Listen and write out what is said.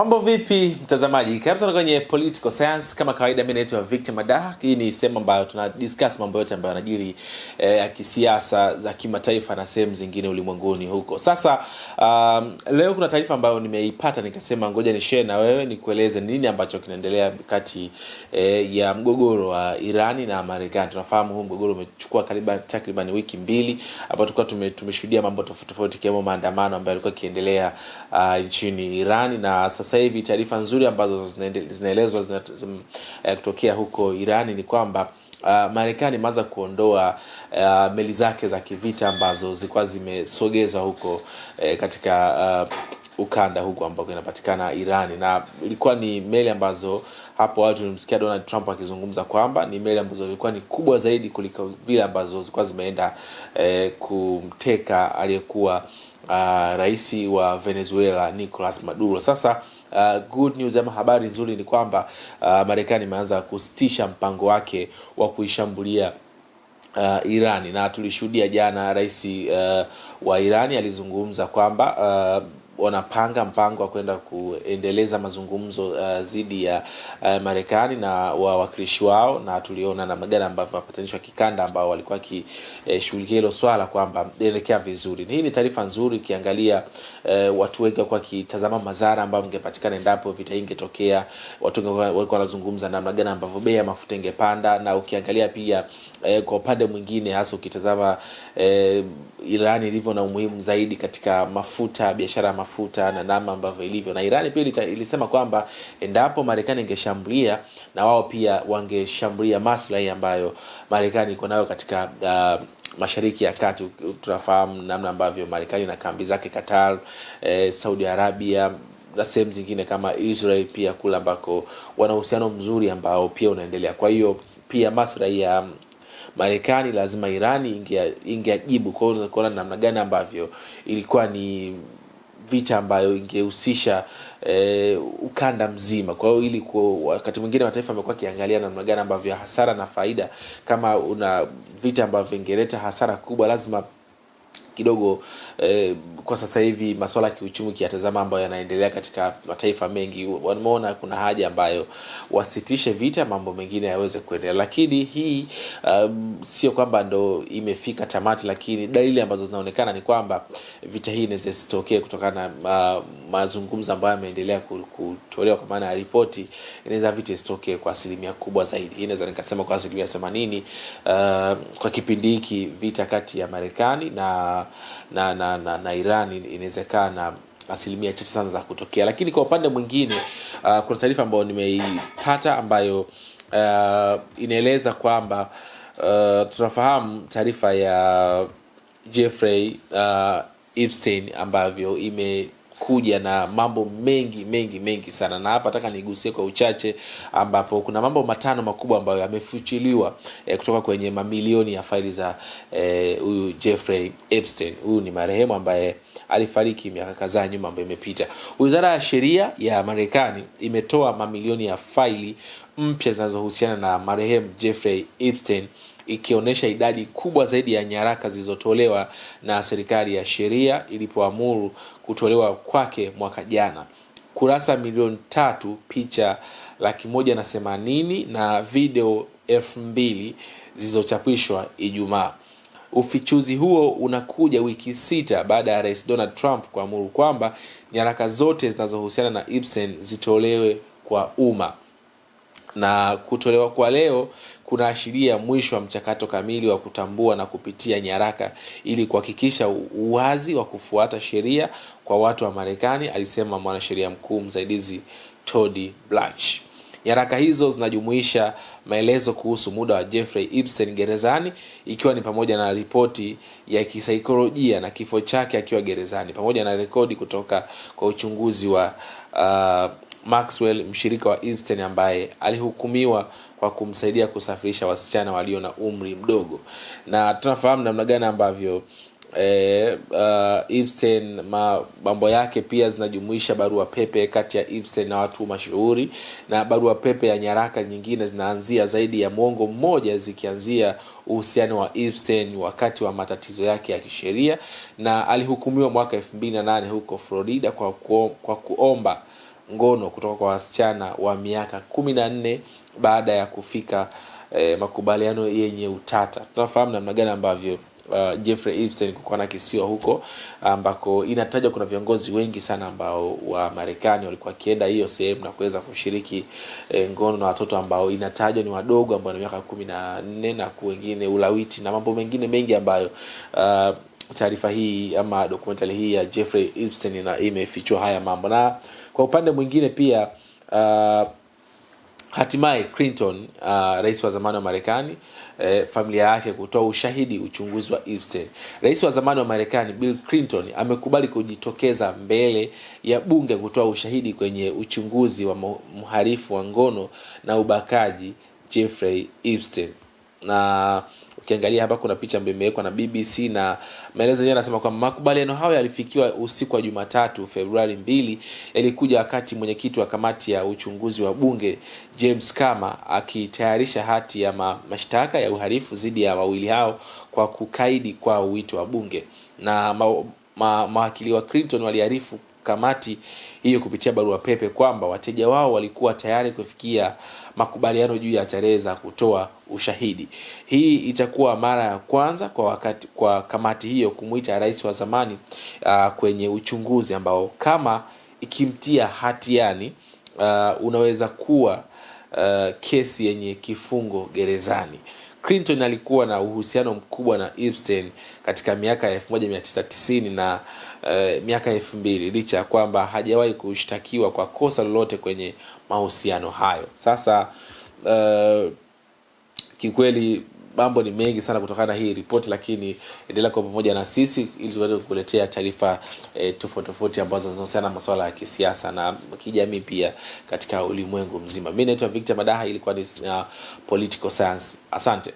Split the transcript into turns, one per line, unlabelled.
Mambo vipi mtazamaji? Karibu sana kwenye Political Science. Kama kawaida mimi naitwa Victor Madaha. Hii ni sehemu ambayo tuna discuss mambo yote ambayo yanajiri eh, ya eh, kisiasa za kimataifa na sehemu zingine ulimwenguni huko. Sasa um, leo kuna taarifa ambayo nimeipata nikasema ngoja ni share na wewe nikueleze nini ambacho kinaendelea kati eh, ya mgogoro wa Irani na Marekani. Tunafahamu huu mgogoro umechukua kariban takriban wiki mbili ambapo tulikuwa tume, tumeshuhudia mambo tofauti tofauti kama maandamano ambayo yalikuwa yakiendelea uh, nchini Irani na sasa sasa hivi taarifa nzuri ambazo zinaelezwa zina, zina, eh, kutokea huko Irani ni kwamba Uh, Marekani imeanza kuondoa uh, meli zake za kivita ambazo zilikuwa zimesogezwa huko eh, katika uh, ukanda huko ambako inapatikana Irani, na ilikuwa ni meli ambazo hapo watu tulimsikia Donald Trump akizungumza kwamba ni meli ambazo zilikuwa ni kubwa zaidi kuliko vile ambazo zilikuwa zimeenda eh, kumteka aliyekuwa uh, rais wa Venezuela Nicolas Maduro. Sasa Uh, good news ama habari nzuri ni kwamba uh, Marekani imeanza kusitisha mpango wake wa kuishambulia uh, Irani na tulishuhudia jana rais uh, wa Irani alizungumza kwamba uh, wanapanga mpango wa kwenda kuendeleza mazungumzo uh, ya uh, Marekani na wawakilishi wao, na tuliona namna gani ambavyo wapatanishi wa kikanda ambao walikuwa wakishughulikia hilo swala kwamba inaelekea vizuri. Hii ni taarifa nzuri ukiangalia, uh, watu wengi walikuwa wakitazama madhara ambayo ingepatikana endapo vita hii ingetokea. Watu walikuwa wanazungumza namna gani ambavyo bei ya mafuta ingepanda, na ukiangalia pia uh, kwa upande mwingine, hasa ukitazama uh, Irani ilivyo na umuhimu zaidi katika mafuta, biashara ya mafuta mafuta na namna ambavyo ilivyo, na Irani pia ilisema kwamba endapo Marekani ingeshambulia na wao pia wangeshambulia maslahi ambayo Marekani iko nayo katika uh, Mashariki ya Kati. Tunafahamu namna ambavyo Marekani na kambi zake Qatar, eh, Saudi Arabia na sehemu zingine kama Israel pia kule ambako wana uhusiano mzuri ambao pia unaendelea. Kwa hiyo pia maslahi ya Marekani lazima Irani ingeajibu. Kwa hiyo kuona namna gani ambavyo ilikuwa ni vita ambayo ingehusisha E, ukanda mzima. Kwa hiyo ili wakati mwingine mataifa amekuwa akiangalia namna gani ambavyo hasara na faida, kama una vita ambavyo ingeleta hasara kubwa, lazima kidogo eh, kwa sasa hivi masuala ya kiuchumi kiyatazama ambayo yanaendelea katika mataifa mengi, wameona kuna haja ambayo wasitishe vita, mambo mengine yaweze kuendelea. Lakini hii um, sio kwamba ndo imefika tamati, lakini dalili ambazo zinaonekana ni kwamba vita hii inaweza isitokee kutokana na uh, mazungumzo ambayo yameendelea kutolewa, kwa maana ya ripoti, inaweza vita isitokee kwa asilimia kubwa zaidi, inaweza nikasema kwa asilimia themanini. Uh, kwa kipindi hiki vita kati ya Marekani na na, na, na, na Iran inawezekana asilimia chache sana za kutokea. Lakini kwa upande mwingine uh, kuna taarifa ambayo nimeipata ambayo uh, inaeleza kwamba uh, tunafahamu taarifa ya Jeffrey uh, Epstein ambavyo ime kuja na mambo mengi mengi mengi sana na hapa nataka nigusie kwa uchache ambapo kuna mambo matano makubwa ambayo yamefuchiliwa eh, kutoka kwenye mamilioni ya faili za eh, huyu eh, jeffrey epstein huyu ni marehemu ambaye alifariki miaka kadhaa nyuma ambayo imepita wizara ya sheria ya marekani imetoa mamilioni ya faili mpya zinazohusiana na marehemu jeffrey epstein ikionyesha idadi kubwa zaidi ya nyaraka zilizotolewa na serikali ya sheria ilipoamuru kutolewa kwake mwaka jana kurasa milioni tatu picha laki moja na themanini na video elfu mbili zilizochapishwa Ijumaa. Ufichuzi huo unakuja wiki sita baada ya rais Donald Trump kuamuru kwamba nyaraka zote zinazohusiana na ibsen zitolewe kwa umma na kutolewa kwa leo kunaashiria mwisho wa mchakato kamili wa kutambua na kupitia nyaraka ili kuhakikisha uwazi wa kufuata sheria kwa watu wa Marekani, alisema mwanasheria mkuu msaidizi todi Blanche. Nyaraka hizo zinajumuisha maelezo kuhusu muda wa Jeffrey Epstein gerezani ikiwa ni pamoja na ripoti ya kisaikolojia na kifo chake akiwa gerezani pamoja na rekodi kutoka kwa uchunguzi wa uh, Maxwell, mshirika wa Epstein ambaye alihukumiwa kwa kumsaidia kusafirisha wasichana walio na umri mdogo, na tunafahamu namna gani ambavyo eh, uh, mambo yake pia zinajumuisha barua pepe kati ya Epstein na watu mashuhuri na barua pepe ya nyaraka nyingine zinaanzia zaidi ya mwongo mmoja zikianzia uhusiano wa Epstein wakati wa matatizo yake ya kisheria, na alihukumiwa mwaka elfu mbili na nane huko Florida kwa, kwa kuomba ngono kutoka kwa wasichana wa miaka kumi na nne baada ya kufika eh, makubaliano yenye utata. Tunafahamu namna gani ambavyo uh, Jeffrey Epstein kulikuwa na kisiwa huko ambako inatajwa kuna viongozi wengi sana ambao wa Marekani walikuwa wakienda hiyo sehemu na kuweza kushiriki eh, ngono na watoto ambao inatajwa ni wadogo ambao na miaka kumi na nne na wengine ulawiti na mambo mengine mengi ambayo uh, taarifa hii ama dokumentari hii ya Jeffrey Epstein na imefichua haya mambo na kwa upande mwingine pia uh, hatimaye Clinton uh, rais wa zamani wa Marekani eh, familia yake kutoa ushahidi uchunguzi wa Epstein. Rais wa zamani wa Marekani Bill Clinton amekubali kujitokeza mbele ya bunge kutoa ushahidi kwenye uchunguzi wa mharifu wa ngono na ubakaji Jeffrey Epstein na ukiangalia hapa kuna picha ambayo imewekwa na bbc na maelezo yenyewe anasema kwamba makubaliano hayo yalifikiwa usiku wa jumatatu februari mbili yalikuja wakati mwenyekiti wa kamati ya uchunguzi wa bunge james kama akitayarisha hati ya ma, mashtaka ya uharifu dhidi ya wawili hao kwa kukaidi kwa wito wa bunge na ma, ma, mawakili wa clinton waliarifu kamati hiyo kupitia barua pepe kwamba wateja wao walikuwa tayari kufikia makubaliano juu ya tarehe za kutoa ushahidi. Hii itakuwa mara ya kwanza kwa wakati, kwa kamati hiyo kumwita rais wa zamani uh, kwenye uchunguzi ambao kama ikimtia hatiani uh, unaweza kuwa uh, kesi yenye kifungo gerezani. Clinton alikuwa na uhusiano mkubwa na Epstein katika miaka ya 1990 na uh, miaka elfu mbili licha ya kwamba hajawahi kushtakiwa kwa kosa lolote kwenye mahusiano hayo. Sasa uh, kikweli mambo ni mengi sana kutokana na hii ripoti, lakini endelea kwa pamoja na sisi ili tuweze kukuletea taarifa e, tofauti tofauti ambazo zinahusiana na masuala ya kisiasa na kijamii pia katika ulimwengu mzima. mi naitwa Victor Madaha, ilikuwa ni uh, political science. Asante.